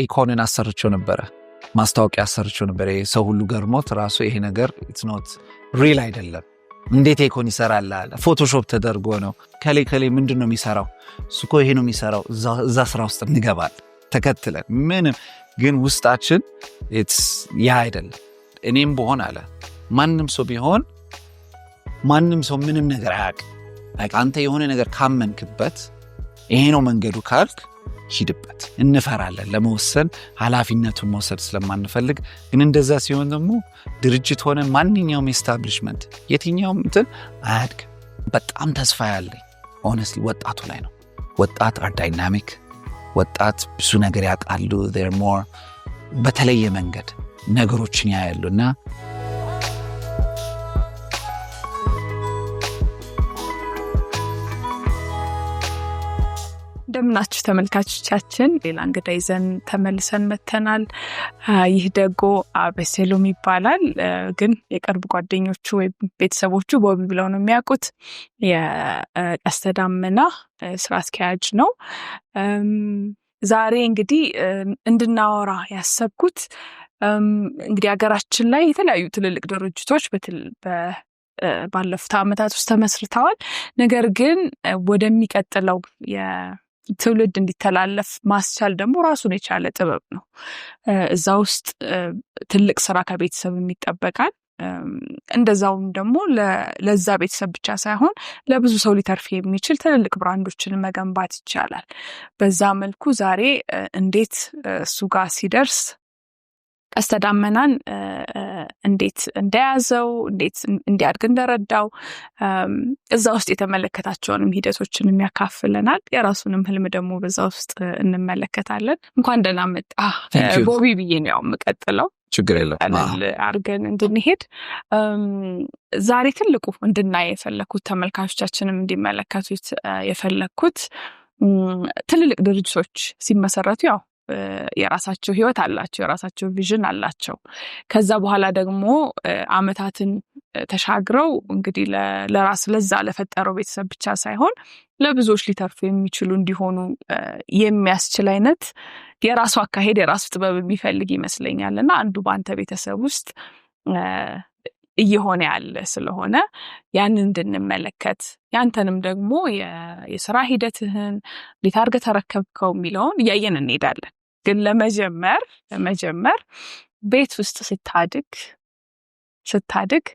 ኤኮንን አሰርቸው ነበረ ማስታወቂያ አሰርቸው ነበረ። ሰው ሁሉ ገርሞት ራሱ ይሄ ነገር ኢትኖት ሪል አይደለም እንዴት ኤኮን ይሰራል አለ። ፎቶሾፕ ተደርጎ ነው። ከሌ ከሌ ምንድን ነው የሚሰራው? እሱ ይሄ ነው የሚሰራው። እዛ ስራ ውስጥ እንገባል ተከትለን ምንም፣ ግን ውስጣችን ያ አይደለም። እኔም ብሆን አለ ማንም ሰው ቢሆን ማንም ሰው ምንም ነገር አያቅ አንተ የሆነ ነገር ካመንክበት ይሄ ነው መንገዱ ካልክ ሂድበት እንፈራለን ለመወሰን ኃላፊነቱን መውሰድ ስለማንፈልግ። ግን እንደዛ ሲሆን ደግሞ ድርጅት ሆነ ማንኛውም ኤስታብሊሽመንት የትኛውም እንትን አያድግ በጣም ተስፋ ያለኝ ሆነስ ወጣቱ ላይ ነው። ወጣት አር ዳይናሚክ፣ ወጣት ብዙ ነገር ያውቃሉ ር ሞር በተለየ መንገድ ነገሮችን ያያሉ እና እንደምናችሁ ተመልካቾቻችን፣ ሌላ እንግዳ ይዘን ተመልሰን መተናል። ይህ ደጎ አበሴሎም ይባላል። ግን የቅርብ ጓደኞቹ ወይም ቤተሰቦቹ ቦቢ ብለው ነው የሚያውቁት። የቀስተ ዳመና ስራ አስኪያጅ ነው። ዛሬ እንግዲህ እንድናወራ ያሰብኩት እንግዲህ ሀገራችን ላይ የተለያዩ ትልልቅ ድርጅቶች ባለፉት ዓመታት ውስጥ ተመስርተዋል። ነገር ግን ወደሚቀጥለው ትውልድ እንዲተላለፍ ማስቻል ደግሞ ራሱን የቻለ ጥበብ ነው። እዛ ውስጥ ትልቅ ስራ ከቤተሰብ ይጠበቃል። እንደዛውም ደግሞ ለዛ ቤተሰብ ብቻ ሳይሆን ለብዙ ሰው ሊተርፍ የሚችል ትልልቅ ብራንዶችን መገንባት ይቻላል። በዛ መልኩ ዛሬ እንዴት እሱ ጋር ሲደርስ ቀስተ ዳመናን እንዴት እንደያዘው እንዴት እንዲያድግ እንደረዳው እዛ ውስጥ የተመለከታቸውንም ሂደቶችን ያካፍለናል የራሱንም ህልም ደግሞ በዛ ውስጥ እንመለከታለን። እንኳን ደህና መጣ ቦቢ ብዬ ነው ያው የምቀጥለው። ችግር የለም አድርገን እንድንሄድ ዛሬ ትልቁ እንድናይ የፈለግኩት ተመልካቾቻችንም እንዲመለከቱት የፈለግኩት ትልልቅ ድርጅቶች ሲመሰረቱ ያው የራሳቸው ህይወት አላቸው፣ የራሳቸው ቪዥን አላቸው። ከዛ በኋላ ደግሞ አመታትን ተሻግረው እንግዲህ ለራስ ለዛ ለፈጠረው ቤተሰብ ብቻ ሳይሆን ለብዙዎች ሊተርፉ የሚችሉ እንዲሆኑ የሚያስችል አይነት የራሱ አካሄድ የራሱ ጥበብ የሚፈልግ ይመስለኛል እና አንዱ በአንተ ቤተሰብ ውስጥ እየሆነ ያለ ስለሆነ ያንን እንድንመለከት ያንተንም ደግሞ የስራ ሂደትህን እንዴት አድርገ ተረከብከው የሚለውን እያየን እንሄዳለን። ግን ለመጀመር ለመጀመር ቤት ውስጥ ስታድግ ስታድግ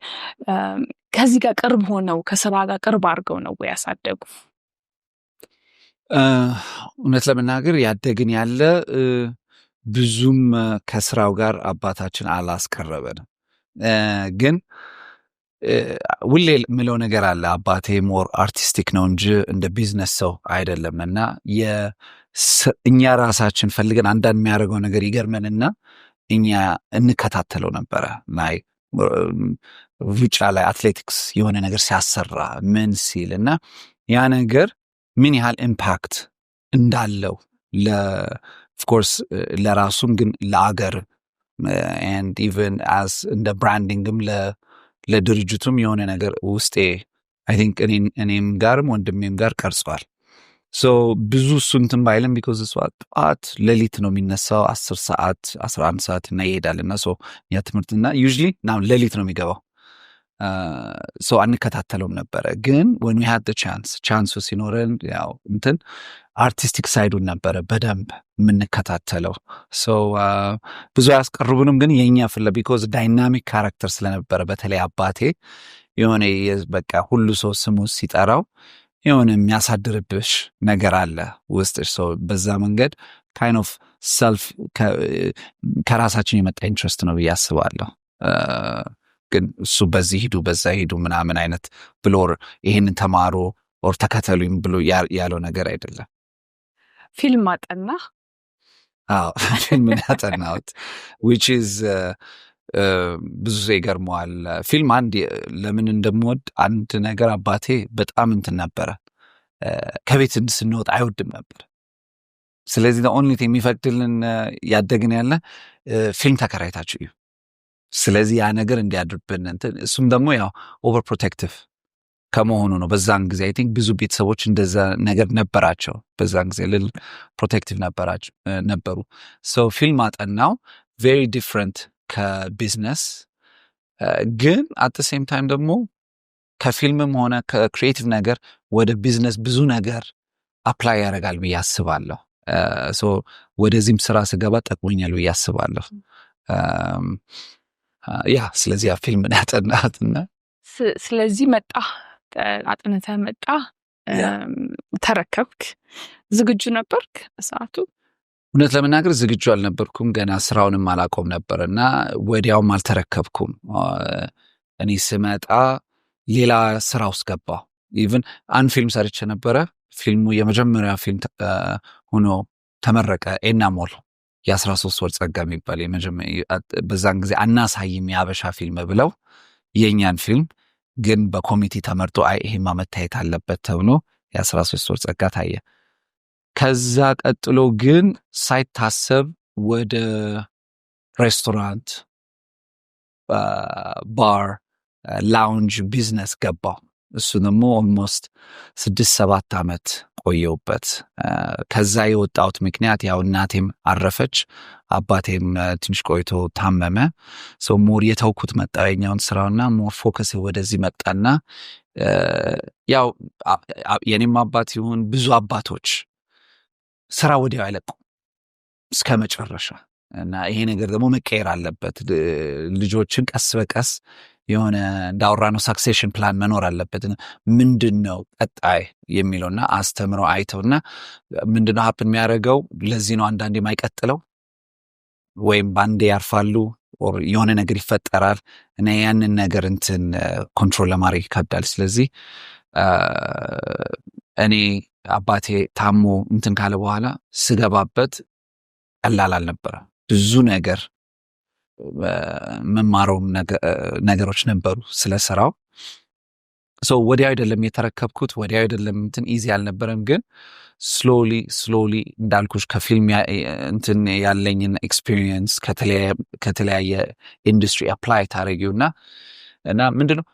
ከዚህ ጋር ቅርብ ሆነው ከስራ ጋር ቅርብ አድርገው ነው ያሳደጉ? እውነት ለመናገር ያደግን ያለ ብዙም ከስራው ጋር አባታችን አላስቀረበንም። ግን ውሌ የምለው ነገር አለ። አባቴ ሞር አርቲስቲክ ነው እንጂ እንደ ቢዝነስ ሰው አይደለም። እና እኛ ራሳችን ፈልገን አንዳንድ የሚያደርገው ነገር ይገርመንና እኛ እንከታተለው ነበረ ላይ ሩጫ ላይ አትሌቲክስ የሆነ ነገር ሲያሰራ ምን ሲል እና ያ ነገር ምን ያህል ኢምፓክት እንዳለው ኦፍኮርስ ለራሱም ግን ለአገር ኤንድ ኢቨን አስ እንደ ብራንዲንግም ለድርጅቱም የሆነ ነገር ውስጤ አይ ቲንክ እኔም ጋርም ወንድሜም ጋር ቀርጿል። ሶ ብዙ እሱ እንትን ባይልም ቢኮዝ እሷ ጠዋት ሌሊት ነው የሚነሳው አስር ሰዓት አስራ አንድ ሰዓት እና ይሄዳል እና ሶ ያ ትምህርትና እና ዩዥሊ ሌሊት ነው የሚገባው ሰው አንከታተለውም ነበረ። ግን ወን ሀድ ቻንስ ቻንሱ ሲኖረን ያው እንትን አርቲስቲክ ሳይዱን ነበረ በደንብ የምንከታተለው። ብዙ ያስቀርቡንም ግን የኛ ፍለ ቢኮዝ ዳይናሚክ ካራክተር ስለነበረ በተለይ አባቴ የሆነ በቃ ሁሉ ሰው ስሙ ሲጠራው የሆነ የሚያሳድርብሽ ነገር አለ ውስጥ ሰው በዛ መንገድ ካይን ኦፍ ሰልፍ ከራሳችን የመጣ ኢንትረስት ነው ብዬ አስባለሁ። ግን እሱ በዚህ ሂዱ በዛ ሂዱ ምናምን አይነት ብሎ ይህንን ተማሩ ኦር ተከተሉኝ ብሎ ያለው ነገር አይደለም። ፊልም አጠና ፊልም ያጠናሁት uh, um, ብዙ ሰው ይገርመዋል። ፊልም አንድ ለምን እንደምወድ አንድ ነገር አባቴ በጣም እንትን ነበረ፣ ከቤት ስንወጥ አይወድም ነበር። ስለዚህ ኦንሊ የሚፈቅድልን uh, ያደግን ያለ ፊልም ተከራይታችሁ እዩ ስለዚህ ያ ነገር እንዲያድርብን እንትን እሱም ደግሞ ያው ኦቨር ፕሮቴክቲቭ ከመሆኑ ነው። በዛን ጊዜ አይ ቲንክ ብዙ ቤተሰቦች እንደዛ ነገር ነበራቸው። በዛን ጊዜ ልል ፕሮቴክቲቭ ነበሩ። ሶ ፊልም አጠናው ቬሪ ዲፍረንት ከቢዝነስ ግን አት ሴም ታይም ደግሞ ከፊልምም ሆነ ከክሪኤቲቭ ነገር ወደ ቢዝነስ ብዙ ነገር አፕላይ ያደርጋል ብዬ አስባለሁ። ወደዚህም ስራ ስገባ ጠቅሞኛል ብዬ አስባለሁ። ያ ስለዚህ ያ ያጠናት ያጠናትና ስለዚህ መጣ አጥንተ መጣ ተረከብክ። ዝግጁ ነበርክ በሰዓቱ? እውነት ለመናገር ዝግጁ አልነበርኩም። ገና ስራውንም አላቆም ነበር እና ወዲያውም አልተረከብኩም። እኔ ስመጣ ሌላ ስራ ውስጥ ገባ ኢቭን አንድ ፊልም ሰርቼ ነበረ። ፊልሙ የመጀመሪያ ፊልም ሆኖ ተመረቀ። ኤናሞል የአስራ ሶስት ወር ጸጋ የሚባል በዛን ጊዜ አናሳይም የአበሻ ፊልም ብለው የእኛን ፊልም ግን በኮሚቴ ተመርጦ አይ ይሄማ መታየት አለበት ተብሎ የአስራ ሶስት ወር ጸጋ ታየ። ከዛ ቀጥሎ ግን ሳይታሰብ ወደ ሬስቶራንት፣ ባር፣ ላውንጅ ቢዝነስ ገባው። እሱ ደግሞ ኦልሞስት ስድስት ሰባት ዓመት የቆየውበት ከዛ የወጣሁት ምክንያት ያው እናቴም አረፈች፣ አባቴም ትንሽ ቆይቶ ታመመ። ሞር የተውኩት መጣ የኛውን ስራውና ሞር ፎከስ ወደዚህ መጣና ያው የኔም አባት ይሁን ብዙ አባቶች ስራ ወዲያው አይለቁም እስከ መጨረሻ እና ይሄ ነገር ደግሞ መቀየር አለበት። ልጆችን ቀስ በቀስ የሆነ እንዳወራነው ሳክሴሽን ፕላን መኖር አለበት። ምንድን ነው ቀጣይ የሚለውና አስተምሮ አይተውና ምንድነው ሀፕን የሚያደርገው ለዚህ ነው አንዳንዴ የማይቀጥለው ወይም ባንዴ ያርፋሉ የሆነ ነገር ይፈጠራል እና ያንን ነገር እንትን ኮንትሮል ለማድረግ ይከብዳል። ስለዚህ እኔ አባቴ ታሞ እንትን ካለ በኋላ ስገባበት ቀላል አልነበረ። ብዙ ነገር መማረውም ነገሮች ነበሩ ስለ ስራው። ወዲያው አይደለም የተረከብኩት፣ ወዲያው አይደለም እንትን ኢዚ አልነበረም። ግን ስሎሊ ስሎሊ እንዳልኩሽ ከፊልም እንትን ያለኝን ኤክስፒሪየንስ ከተለያየ ኢንዱስትሪ አፕላይ ታደረጊው እና እና ምንድነው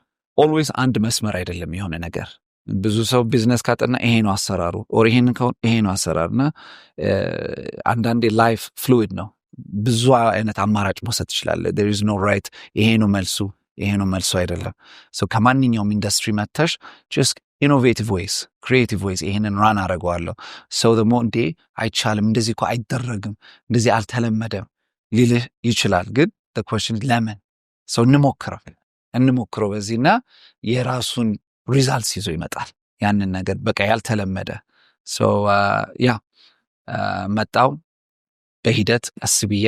ኦልዌይስ አንድ መስመር አይደለም የሆነ ነገር ብዙ ሰው ቢዝነስ ካጠና ይሄ ነው አሰራሩ፣ ኦር ይሄን ከሆን ይሄ ነው አሰራሩ እና አንዳንዴ ላይፍ ፍሉዊድ ነው ብዙ አይነት አማራጭ መውሰድ ትችላለ ዝ ኖ ራይት ይሄ ነው መልሱ ይሄ ነው መልሱ አይደለም። ከማንኛውም ኢንዱስትሪ መተሽ ስ ኢኖቬቲቭ ወይስ ክሪቲቭ ወይስ ይሄንን ራን አደርገዋለሁ። ሰው ደግሞ እንዴ አይቻልም፣ እንደዚህ እኮ አይደረግም፣ እንደዚህ አልተለመደም ሊልህ ይችላል። ግን ኮሽን ለምን ሰው እንሞክረው እንሞክረው በዚህና የራሱን ሪዛልትስ ይዞ ይመጣል። ያንን ነገር በቃ ያልተለመደ ያ uh, uh, መጣው በሂደት ቀስ ብዬ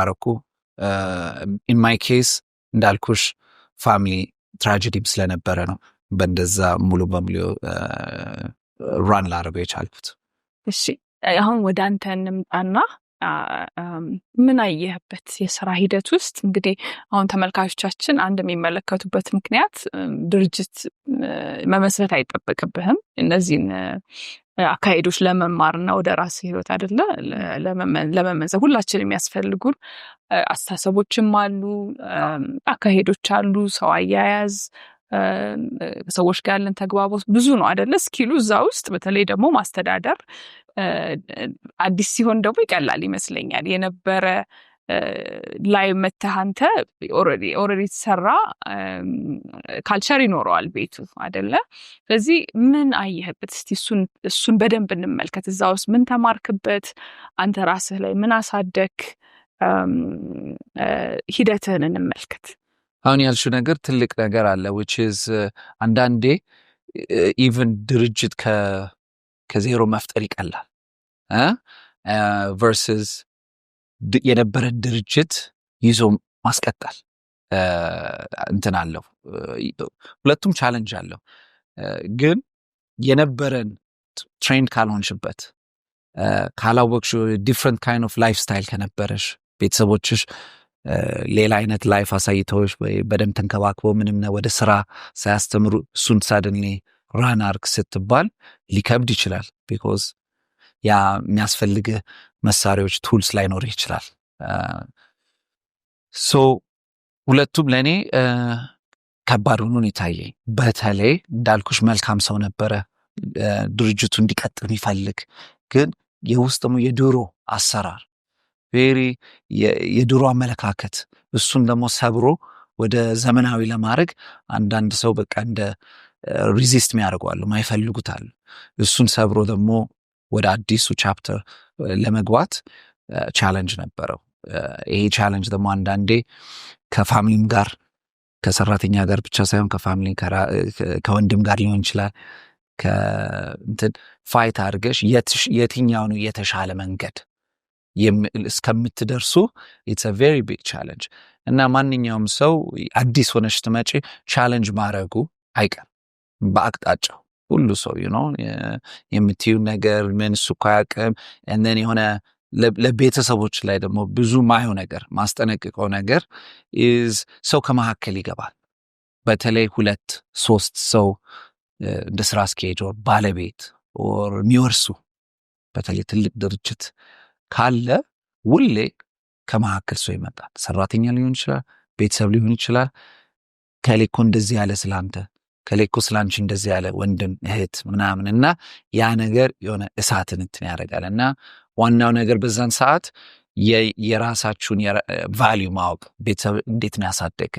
አረኩ። ኢን ማይ ኬስ እንዳልኩሽ ፋሚሊ ትራጀዲም ስለነበረ ነው በእንደዛ ሙሉ በሙሉ ራን ላደርገው የቻልኩት። እሺ አሁን ወደ አንተ እንምጣና ምን አየህበት የስራ ሂደት ውስጥ? እንግዲህ አሁን ተመልካቾቻችን አንድ የሚመለከቱበት ምክንያት ድርጅት መመስረት አይጠበቅብህም። እነዚህን አካሄዶች ለመማር እና ወደ ራስ ህይወት አደለ ለመመንዘብ ሁላችን የሚያስፈልጉን አስተሳሰቦችም አሉ፣ አካሄዶች አሉ፣ ሰው አያያዝ ከሰዎች ጋር ያለን ተግባቦት ብዙ ነው አደለ ስኪሉ እዛ ውስጥ በተለይ ደግሞ ማስተዳደር አዲስ ሲሆን ደግሞ ይቀላል ይመስለኛል የነበረ ላይ መተህ አንተ ኦልሬዲ የተሰራ ካልቸር ይኖረዋል ቤቱ አደለ። ስለዚህ ምን አየህበት? እስቲ እሱን በደንብ እንመልከት። እዛ ውስጥ ምን ተማርክበት? አንተ ራስህ ላይ ምን አሳደግ? ሂደትህን እንመልከት። አሁን ያልሽው ነገር ትልቅ ነገር አለ ዊች አንዳንዴ ኢቨን ድርጅት ከዜሮ መፍጠር ይቀላል ቨርስስ የነበረ ድርጅት ይዞ ማስቀጠል እንትን አለው። ሁለቱም ቻለንጅ አለው። ግን የነበረን ትሬንድ ካልሆንሽበት፣ ካላወቅሽ፣ ዲፍረንት ካይን ኦፍ ላይፍ ስታይል ከነበረሽ ቤተሰቦችሽ ሌላ አይነት ላይፍ አሳይተዎች በደንብ ተንከባክበው ምንም ወደ ስራ ሳያስተምሩ እሱን ራን አርክ ስትባል ሊከብድ ይችላል ቢኮዝ ያ የሚያስፈልግህ መሳሪያዎች ቱልስ ላይኖርህ ይችላል። ሶ ሁለቱም ለእኔ ከባድ ሆኖ የታየኝ። በተለይ እንዳልኩሽ መልካም ሰው ነበረ፣ ድርጅቱ እንዲቀጥል የሚፈልግ ግን የውስጥሙ የድሮ አሰራር ቬሪ የድሮ አመለካከት እሱን ደግሞ ሰብሮ ወደ ዘመናዊ ለማድረግ አንዳንድ ሰው በቃ እንደ ሪዚስት የሚያደርጓሉ ማይፈልጉታል። እሱን ሰብሮ ደግሞ ወደ አዲሱ ቻፕተር ለመግባት ቻለንጅ ነበረው። ይሄ ቻለንጅ ደግሞ አንዳንዴ ከፋሚሊም ጋር ከሰራተኛ ጋር ብቻ ሳይሆን ከፋሚሊ ከወንድም ጋር ሊሆን ይችላል። ከእንትን ፋይት አድርገሽ የትኛው የተሻለ መንገድ እስከምትደርሱ ኢትስ ቬሪ ቢግ ቻለንጅ እና ማንኛውም ሰው አዲስ ሆነሽ ትመጪ ቻለንጅ ማድረጉ አይቀርም በአቅጣጫው ሁሉ ሰው ነው የምትዩ ነገር ምን እሱ እኮ አያውቅም ነን የሆነ ለቤተሰቦች ላይ ደግሞ ብዙ ማየው ነገር ማስጠነቅቀው ነገር ኢዝ ሰው ከመካከል ይገባል። በተለይ ሁለት ሶስት ሰው እንደ ስራ አስኪያጅ ወር ባለቤት ወር የሚወርሱ በተለይ ትልቅ ድርጅት ካለ ውሌ ከመካከል ሰው ይመጣል። ሰራተኛ ሊሆን ይችላል፣ ቤተሰብ ሊሆን ይችላል። ከሌኮ እንደዚህ ያለ ስለአንተ ከሌኮ ስላንች እንደዚህ ያለ ወንድም እህት ምናምን እና ያ ነገር የሆነ እሳትን እንትን ያደርጋል እና ዋናው ነገር በዛን ሰዓት የራሳችሁን ቫሊዩ ማወቅ ቤተሰብ እንዴት ነው ያሳደገ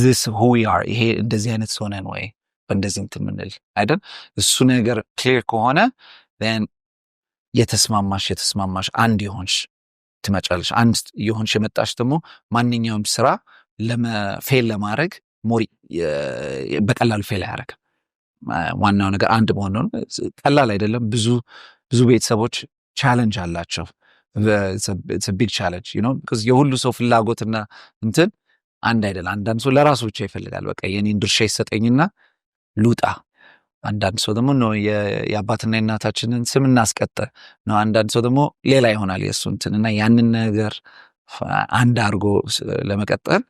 ዚስ ሁ አር ይሄ እንደዚህ አይነት ሆነን ወይ በእንደዚህ እንትን ምንል አይደል እሱ ነገር ክሊር ከሆነ ን የተስማማሽ የተስማማሽ አንድ የሆንሽ ትመጫለሽ አንድ የሆንሽ የመጣሽ ደግሞ ማንኛውም ስራ ፌል ለማድረግ ሞሪ በቀላሉ ፌል አያደርግም። ዋናው ነገር አንድ መሆን ነው። ቀላል አይደለም። ብዙ ብዙ ቤተሰቦች ቻለንጅ አላቸው። ቢግ ቻለንጅ የሁሉ ሰው ፍላጎትና እንትን አንድ አይደለም። አንዳንድ ሰው ለራሱ ብቻ ይፈልጋል። በቃ የኔን ድርሻ ይሰጠኝና ሉጣ አንዳንድ ሰው ደግሞ ነው የአባትና የእናታችንን ስም እናስቀጠ ነው። አንዳንድ ሰው ደግሞ ሌላ ይሆናል የእሱ እንትን እና ያንን ነገር አንድ አድርጎ ለመቀጠል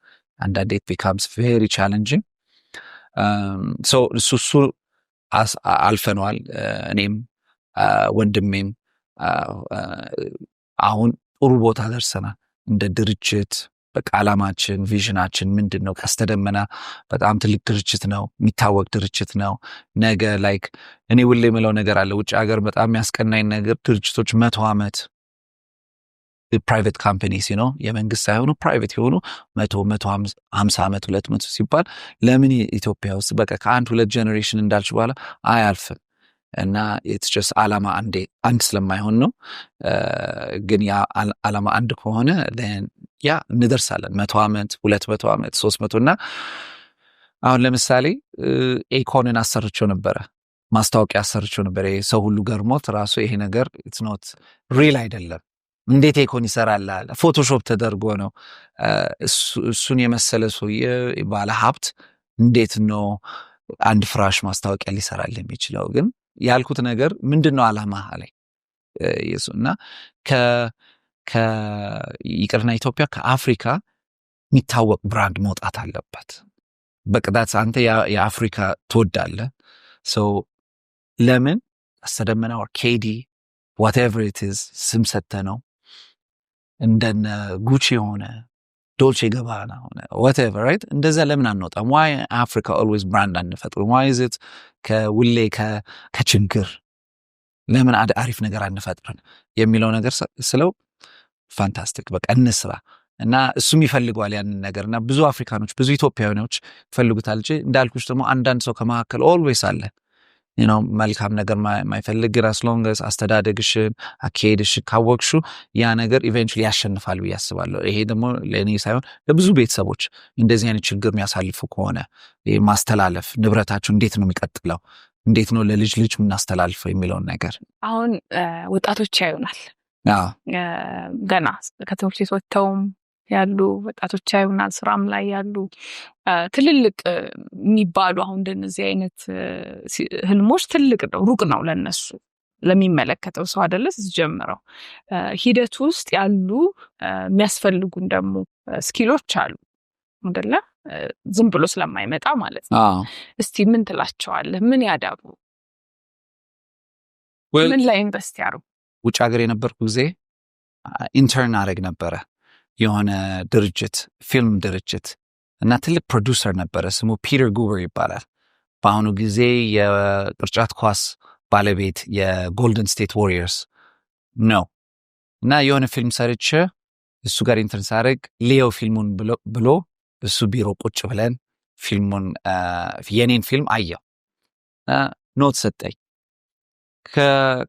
አንዳንዴ ቢካምስ ቬሪ ቻለንጂንግ እሱ እሱ አልፈነዋል። እኔም ወንድሜም አሁን ጥሩ ቦታ ደርሰናል። እንደ ድርጅት በቃ አላማችን ቪዥናችን ምንድን ነው? ቀስተ በጣም ትልቅ ድርጅት ነው፣ የሚታወቅ ድርጅት ነው። ነገ ላይክ እኔ ሁሌ የምለው ነገር አለ። ውጭ ሀገር በጣም የሚያስቀናኝ ነገር ድርጅቶች መቶ ዓመት ፕራይቬት ካምፓኒስ ነው የመንግስት ሳይሆኑ ፕራይቬት የሆኑ መቶ መቶ ሀምሳ ዓመት ሁለት መቶ ሲባል ለምን ኢትዮጵያ ውስጥ በቃ ከአንድ ሁለት ጀኔሬሽን እንዳልች በኋላ አያልፍም እና የትስ አላማ አንዴ አንድ ስለማይሆን ነው። ግን ያ አላማ አንድ ከሆነ ያ እንደርሳለን። መቶ ዓመት ሁለት መቶ ዓመት ሶስት መቶ እና አሁን ለምሳሌ ኤኮንን አሰርቸው ነበረ ማስታወቂያ አሰርቸው ነበረ። ሰው ሁሉ ገርሞት ራሱ ይሄ ነገር ኢትስ ኖት ሪል አይደለም እንዴት ይኮን ይሰራልሃል? ፎቶሾፕ ተደርጎ ነው። እሱን የመሰለ ሰውዬ ባለ ሀብት እንዴት ነው አንድ ፍራሽ ማስታወቂያ ሊሰራል የሚችለው? ግን ያልኩት ነገር ምንድን ነው አላማ ላይ የሱ እና ከይቅርና ኢትዮጵያ ከአፍሪካ የሚታወቅ ብራንድ መውጣት አለበት። በቅጣት አንተ የአፍሪካ ትወዳለህ ሰው ለምን አስተደመና ኬዲ ስም ሰተ ነው እንደነ ጉቺ የሆነ ዶልቼ ገባና ሆነ ወቴቨር ራይት እንደዛ ለምን አንወጣም? ዋይ አፍሪካ ኦልዌይዝ ብራንድ አንፈጥርም? ዋይ ዝት ከውሌ ከችግር ለምን አድ አሪፍ ነገር አንፈጥርን የሚለው ነገር ስለው ፋንታስቲክ በቃ እንስራ እና እሱም ይፈልገዋል ያንን ነገር እና ብዙ አፍሪካኖች ብዙ ኢትዮጵያውያኖች ይፈልጉታል እ እንዳልኩች ደግሞ አንዳንድ ሰው ከመካከል ኦልዌይስ አለ ነው መልካም ነገር ማይፈልግ ግን አስሎንገስ አስተዳደግሽን አካሄድሽን ካወቅሹ ያ ነገር ኢቨንቹሊ ያሸንፋል ብዬ አስባለሁ። ይሄ ደግሞ ለእኔ ሳይሆን ለብዙ ቤተሰቦች እንደዚህ አይነት ችግር የሚያሳልፉ ከሆነ ማስተላለፍ ንብረታቸው እንዴት ነው የሚቀጥለው፣ እንዴት ነው ለልጅ ልጅ የምናስተላልፈው የሚለውን ነገር አሁን ወጣቶች ያዩናል ገና ከትምህርት ቤት ወጥተውም ያሉ ወጣቶች ይሆናል ስራም ላይ ያሉ ትልልቅ የሚባሉ አሁን እንደነዚህ አይነት ህልሞች ትልቅ ነው፣ ሩቅ ነው ለነሱ ለሚመለከተው ሰው አደለ ስትጀምረው። ሂደቱ ውስጥ ያሉ የሚያስፈልጉን ደግሞ ስኪሎች አሉ አደለ፣ ዝም ብሎ ስለማይመጣ ማለት ነው። እስቲ ምን ትላቸዋለህ? ምን ያዳብሩ? ምን ላይ ኢንቨስት ያሩ? ውጭ ሀገር የነበርኩ ጊዜ ኢንተርን አደረግ ነበረ የሆነ ድርጅት ፊልም ድርጅት እና ትልቅ ፕሮዱሰር ነበረ። ስሙ ፒተር ጉበር ይባላል። በአሁኑ ጊዜ የቅርጫት ኳስ ባለቤት የጎልደን ስቴት ዋሪየርስ ነው። እና የሆነ ፊልም ሰርቼ እሱ ጋር ኢንተርን ሳደርግ ሌየው ፊልሙን ብሎ እሱ ቢሮ ቁጭ ብለን ፊልሙን የኔን ፊልም አየው እና ኖት ሰጠኝ።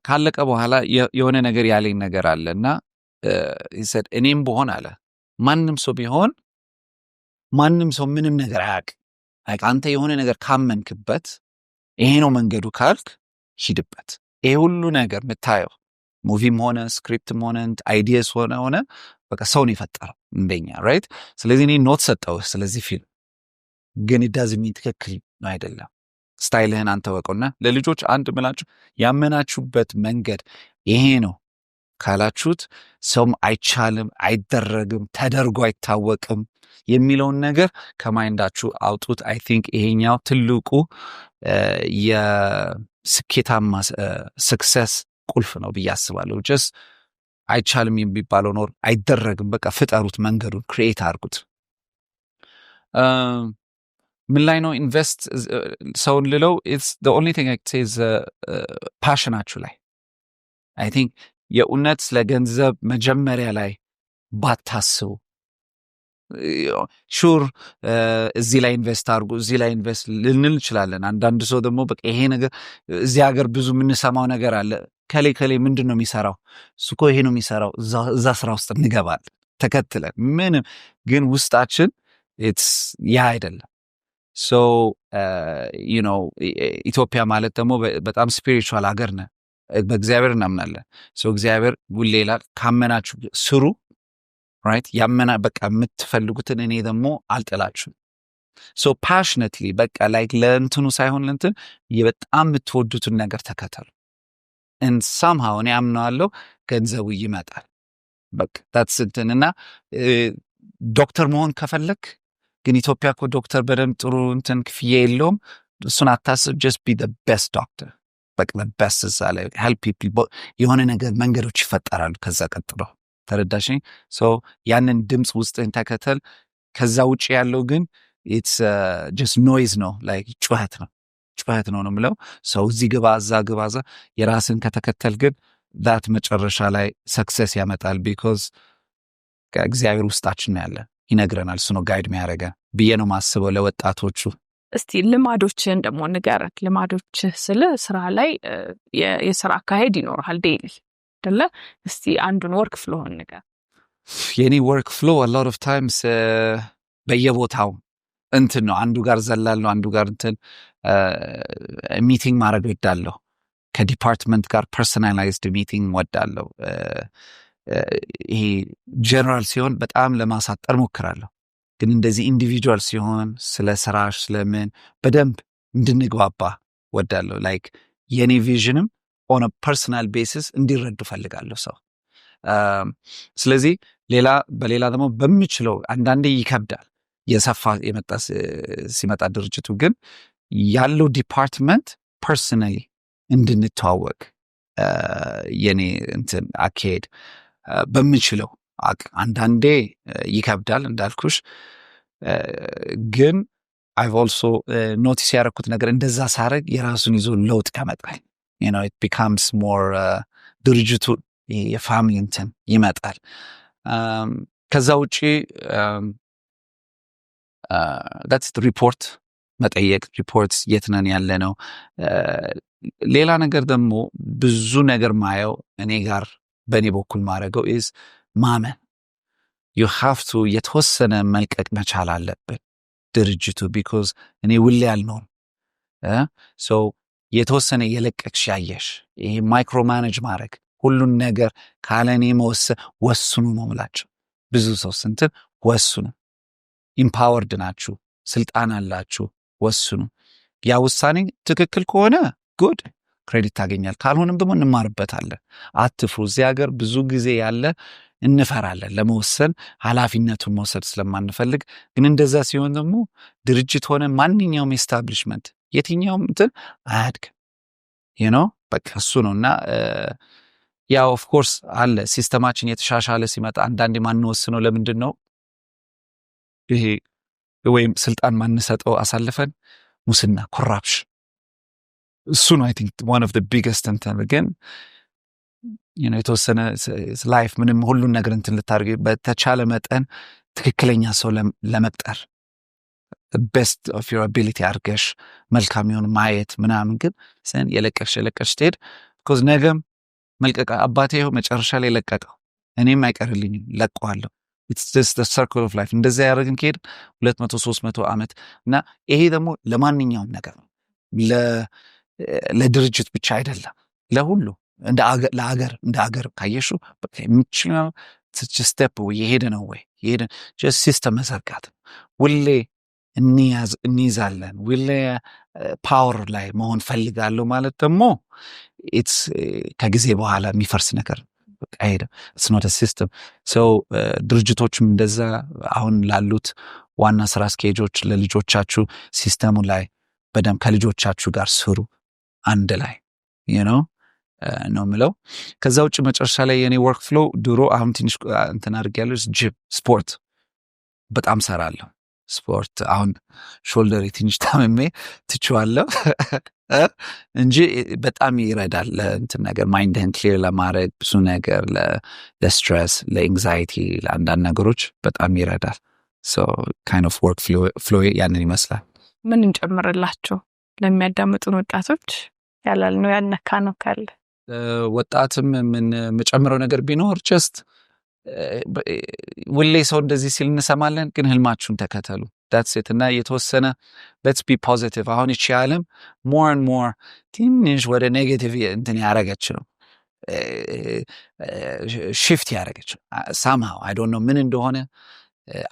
ካለቀ በኋላ የሆነ ነገር ያለኝ ነገር አለ እና እኔም ብሆን አለ ማንም ሰው ቢሆን ማንም ሰው ምንም ነገር አያቅ አንተ የሆነ ነገር ካመንክበት ይሄ ነው መንገዱ ካልክ ሂድበት። ይሄ ሁሉ ነገር የምታየው ሙቪም ሆነ ስክሪፕትም ሆነ አይዲየስ ሆነ ሆነ በቃ ሰውን የፈጠረው እንደኛ ራይት። ስለዚህ እኔ ኖት ሰጠው ስለዚህ ፊልም ግን ዳዝሚ ትክክል ነው አይደለም። ስታይልህን አንተ ወቀውና ለልጆች አንድ ምላችሁ ያመናችሁበት መንገድ ይሄ ነው ካላችሁት ሰውም አይቻልም፣ አይደረግም፣ ተደርጎ አይታወቅም የሚለውን ነገር ከማይንዳችሁ አውጡት። አይ ቲንክ ይሄኛው ትልቁ የስኬታማ ስክሰስ ቁልፍ ነው ብዬ አስባለሁ። ጀስ አይቻልም የሚባለው ኖር አይደረግም፣ በቃ ፍጠሩት፣ መንገዱን ክሪኤት አድርጉት። ምን ላይ ነው ኢንቨስት ሰውን ልለው ኦንሊ ቲንግ ፓሽናችሁ ላይ አይ ቲንክ የእውነት ስለ ገንዘብ መጀመሪያ ላይ ባታስቡ። ሹር እዚህ ላይ ኢንቨስት አድርጉ፣ እዚህ ላይ ኢንቨስት ልንል እንችላለን። አንዳንድ ሰው ደግሞ በቃ ይሄ ነገር እዚህ ሀገር ብዙ የምንሰማው ነገር አለ። ከሌ ከሌ ምንድን ነው የሚሰራው? እሱኮ ይሄ ነው የሚሰራው። እዛ ስራ ውስጥ እንገባል ተከትለን ምንም፣ ግን ውስጣችን ያ አይደለም። ሶ ኢትዮጵያ ማለት ደግሞ በጣም ስፒሪቹዋል ሀገር ነን። በእግዚአብሔር እናምናለን። ሰው እግዚአብሔር ጉል ሌላ ካመናችሁ ስሩ ራይት ያመና በቃ የምትፈልጉትን እኔ ደግሞ አልጥላችሁም። ሶ ፓሽነትሊ በቃ ላይክ ለእንትኑ ሳይሆን ለእንትን የበጣም የምትወዱትን ነገር ተከተሉ። እን ሳምሃው እኔ አምነዋለሁ ገንዘቡ ይመጣል። በቃ ታትስ እንትን እና ዶክተር መሆን ከፈለግ ግን ኢትዮጵያ እኮ ዶክተር በደንብ ጥሩ እንትን ክፍያ የለውም። እሱን አታስብ። ጀስት ቢ ደ ቤስት ዶክተር በቃ በስ እዛ ላይ ሄልፕ ፒፕል የሆነ ነገር መንገዶች ይፈጠራሉ። ከዛ ቀጥሎ ተረዳሽ ያንን ድምፅ ውስጥህን ተከተል። ከዛ ውጭ ያለው ግን ኢትስ ጀስት ኖይዝ ነው፣ ላይ ጩኸት ነው ጩኸት ነው ነው የምለው ሰው እዚህ ግባ እዛ ግባ እዛ። የራስን ከተከተል ግን ዳት መጨረሻ ላይ ሰክሰስ ያመጣል። ቢኮዝ ከእግዚአብሔር ውስጣችን ያለ ይነግረናል። እሱ ነው ጋይድ ሚያደረገ ብዬ ነው ማስበው ለወጣቶቹ። እስቲ ልማዶችን ደግሞ ንገር። ልማዶች ስል ስራ ላይ የስራ አካሄድ ይኖርሃል ዴይሊ ደለ እስቲ አንዱን ወርክ ፍሎህን ንገር። የኔ ወርክ ፍሎ አሎት ኦፍ ታይምስ በየቦታው እንትን ነው። አንዱ ጋር ዘላል ነው፣ አንዱ ጋር እንትን ሚቲንግ ማድረግ ወዳለሁ። ከዲፓርትመንት ጋር ፐርሶናላይዝድ ሚቲንግ ወዳለሁ። ይሄ ጀነራል ሲሆን በጣም ለማሳጠር ሞክራለሁ። ግን እንደዚህ ኢንዲቪጁዋል ሲሆን ስለ ስራሽ ስለምን በደንብ እንድንግባባ ወዳለሁ። ላይክ የኔ ቪዥንም ኦን ፐርሰናል ቤስስ እንዲረዱ ፈልጋለሁ ሰው። ስለዚህ ሌላ በሌላ ደግሞ በምችለው አንዳንዴ ይከብዳል የሰፋ የመጣ ሲመጣ ድርጅቱ ግን ያለው ዲፓርትመንት ፐርሰናሊ እንድንተዋወቅ የኔ እንትን አካሄድ በምችለው አንዳንዴ ይከብዳል እንዳልኩሽ ግን አይ ኦልሶ ኖቲስ ያደረግኩት ነገር እንደዛ ሳረግ የራሱን ይዞ ለውጥ ያመጣል ቢካምስ ሞር ድርጅቱ የፋሚንትን ይመጣል ከዛ ውጪ ዳትስ ሪፖርት መጠየቅ ሪፖርት የትነን ያለ ነው ሌላ ነገር ደግሞ ብዙ ነገር ማየው እኔ ጋር በእኔ በኩል ማድረገው ኢዝ ማመን ዩሃፍቱ የተወሰነ መልቀቅ መቻል አለብን ድርጅቱ ቢኮዝ እኔ ውሌ አልኖርም ሰው የተወሰነ የለቀቅሽ ያየሽ ይሄ ማይክሮ ማኔጅ ማድረግ ሁሉን ነገር ካለ እኔ መወሰ ወስኑ ነው ምላቸው ብዙ ሰው ስንትን ወስኑ ኢምፓወርድ ናችሁ ስልጣን አላችሁ ወስኑ ያ ውሳኔ ትክክል ከሆነ ጉድ ክሬዲት ታገኛል ካልሆንም ደግሞ እንማርበታለን አትፍሩ እዚህ ሀገር ብዙ ጊዜ ያለ እንፈራለን ለመወሰን ኃላፊነቱን መውሰድ ስለማንፈልግ። ግን እንደዛ ሲሆን ደግሞ ድርጅት ሆነ ማንኛውም ኤስታብሊሽመንት የትኛውም እንትን አያድግ ይህ በቃ እሱ ነው እና ያው ኦፍኮርስ አለ። ሲስተማችን የተሻሻለ ሲመጣ አንዳንድ የማንወስነው ለምንድን ነው ይሄ ወይም ስልጣን ማንሰጠው አሳልፈን ሙስና ኮራፕሽን እሱ ነው አይ ቲንክ ዋን ኦፍ ቢገስት እንትን ግን የተወሰነ ላይፍ ምንም ሁሉን ነገር እንትን ልታደርግ በተቻለ መጠን ትክክለኛ ሰው ለመቅጠር ቤስት ኦፍ ዮር አቢሊቲ አድርገሽ መልካም የሆን ማየት ምናምን ግን ስን የለቀቅሽ የለቀቅሽ ትሄድ ኮዝ ነገም መልቀቀ አባቴ ይኸው መጨረሻ ላይ ለቀቀው፣ እኔም አይቀርልኝም ለቀዋለሁ። ሰርክል ኦፍ ላይፍ እንደዚያ ያደረግን ከሄድ ሁለት መቶ ሶስት መቶ ዓመት እና ይሄ ደግሞ ለማንኛውም ነገር ለድርጅት ብቻ አይደለም ለሁሉ ለአገር እንደ አገር ካየሹ በቃ የሚችለው ስቴፕ የሄደ ነው ወይ የሄደ ሲስተም መዘርጋት ውሌ እንይዛለን ውሌ ፓወር ላይ መሆን ፈልጋሉ ማለት ደግሞ ከጊዜ በኋላ የሚፈርስ ነገር ሄደ ስኖተ ሲስተም ሰው ድርጅቶችም እንደዛ አሁን ላሉት ዋና ስራ አስኬጆች ለልጆቻችሁ ሲስተሙ ላይ በደም ከልጆቻችሁ ጋር ስሩ አንድ ላይ ነው ነው ምለው። ከዛ ውጭ መጨረሻ ላይ የኔ ወርክ ፍሎ ድሮ አሁን ትንሽ እንትን አድርግ አድርጌያለሁ። ጅም ስፖርት በጣም ሰራለሁ። ስፖርት አሁን ሾልደር ትንሽ ታምሜ ትችዋለሁ እንጂ በጣም ይረዳል ለእንትን ነገር ማይንድህን ክሊር ለማድረግ ብዙ ነገር ለስትረስ፣ ለኤንግዛይቲ፣ ለአንዳንድ ነገሮች በጣም ይረዳል። ካይንድ ኦፍ ወርክ ፍሎ ያንን ይመስላል። ምን እንጨምርላቸው ለሚያዳምጡን ወጣቶች ያላል ነው ያነካ ነው ካለ ወጣትም የምጨምረው ነገር ቢኖር ጀስት ውሌ ሰው እንደዚህ ሲል እንሰማለን፣ ግን ህልማችሁን ተከተሉ ዳትሴት እና የተወሰነ ሌትስ ቢ ፖዚቲቭ። አሁን ይቺ ዓለም ሞር ን ሞር ትንሽ ወደ ኔጌቲቭ እንትን ያረገች ነው ሽፍት ያደረገች ሳምሃው አይ ዶንት ኖ ምን እንደሆነ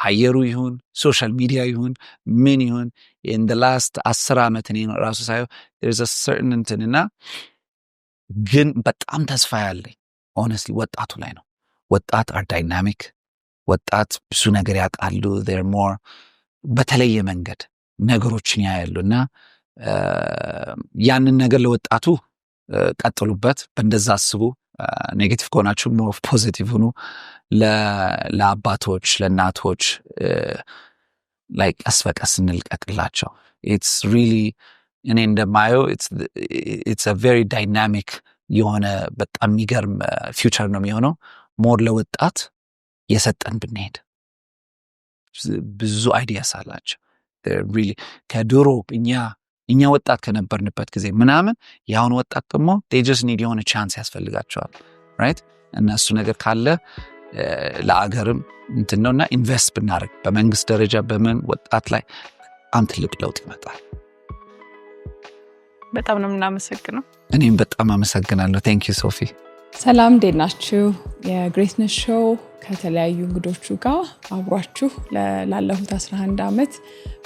አየሩ ይሁን ሶሻል ሚዲያ ይሁን ምን ይሁን ኢን ላስት አስር ዓመት እኔ ራሱ ሳየው ሰርትን እንትን እና ግን በጣም ተስፋ ያለኝ ሆነስትሊ ወጣቱ ላይ ነው። ወጣት አር ዳይናሚክ ወጣት ብዙ ነገር ያውቃሉ። ር ሞር በተለየ መንገድ ነገሮችን ያያሉ እና ያንን ነገር ለወጣቱ ቀጥሉበት። በእንደዛ አስቡ። ኔጌቲቭ ከሆናችሁ ሞር ኦፍ ፖዚቲቭ ሁኑ። ለአባቶች ለእናቶች ላይ ቀስ በቀስ እንልቀቅላቸው ኢትስ ሪሊ እኔ እንደማየው ኢትስ ቬሪ ዳይናሚክ የሆነ በጣም የሚገርም ፊውቸር uh, ነው የሚሆነው ሞር ለወጣት የሰጠን ብንሄድ ብዙ አይዲያስ አላቸው ከድሮ እኛ እኛ ወጣት ከነበርንበት ጊዜ ምናምን የአሁን ወጣት ደግሞ ቴጀስ ኒድ የሆነ ቻንስ ያስፈልጋቸዋል ራይት እና እሱ ነገር ካለ uh, ለአገርም እንትን ነው እና ኢንቨስት ብናደርግ በመንግስት ደረጃ በምን ወጣት ላይ በጣም ትልቅ ለውጥ ይመጣል በጣም ነው የምናመሰግነው። እኔም በጣም አመሰግናለሁ። ቴንክ ዩ ሶፊ። ሰላም እንዴት ናችሁ? የግሬትነስ ሾው ከተለያዩ እንግዶቹ ጋር አብሯችሁ ላለፉት 11 ዓመት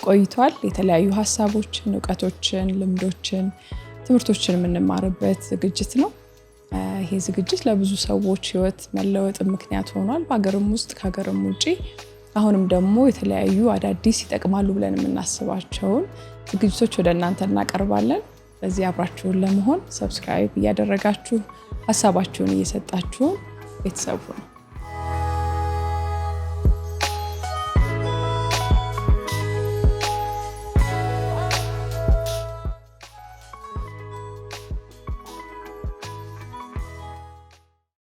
ቆይቷል። የተለያዩ ሀሳቦችን፣ እውቀቶችን፣ ልምዶችን፣ ትምህርቶችን የምንማርበት ዝግጅት ነው። ይሄ ዝግጅት ለብዙ ሰዎች ህይወት መለወጥ ምክንያት ሆኗል፣ በሀገርም ውስጥ ከሀገርም ውጭ። አሁንም ደግሞ የተለያዩ አዳዲስ ይጠቅማሉ ብለን የምናስባቸውን ዝግጅቶች ወደ እናንተ እናቀርባለን። በዚህ አብራችሁን ለመሆን ሰብስክራይብ እያደረጋችሁ ሀሳባችሁን እየሰጣችሁን ቤተሰቡ ነው።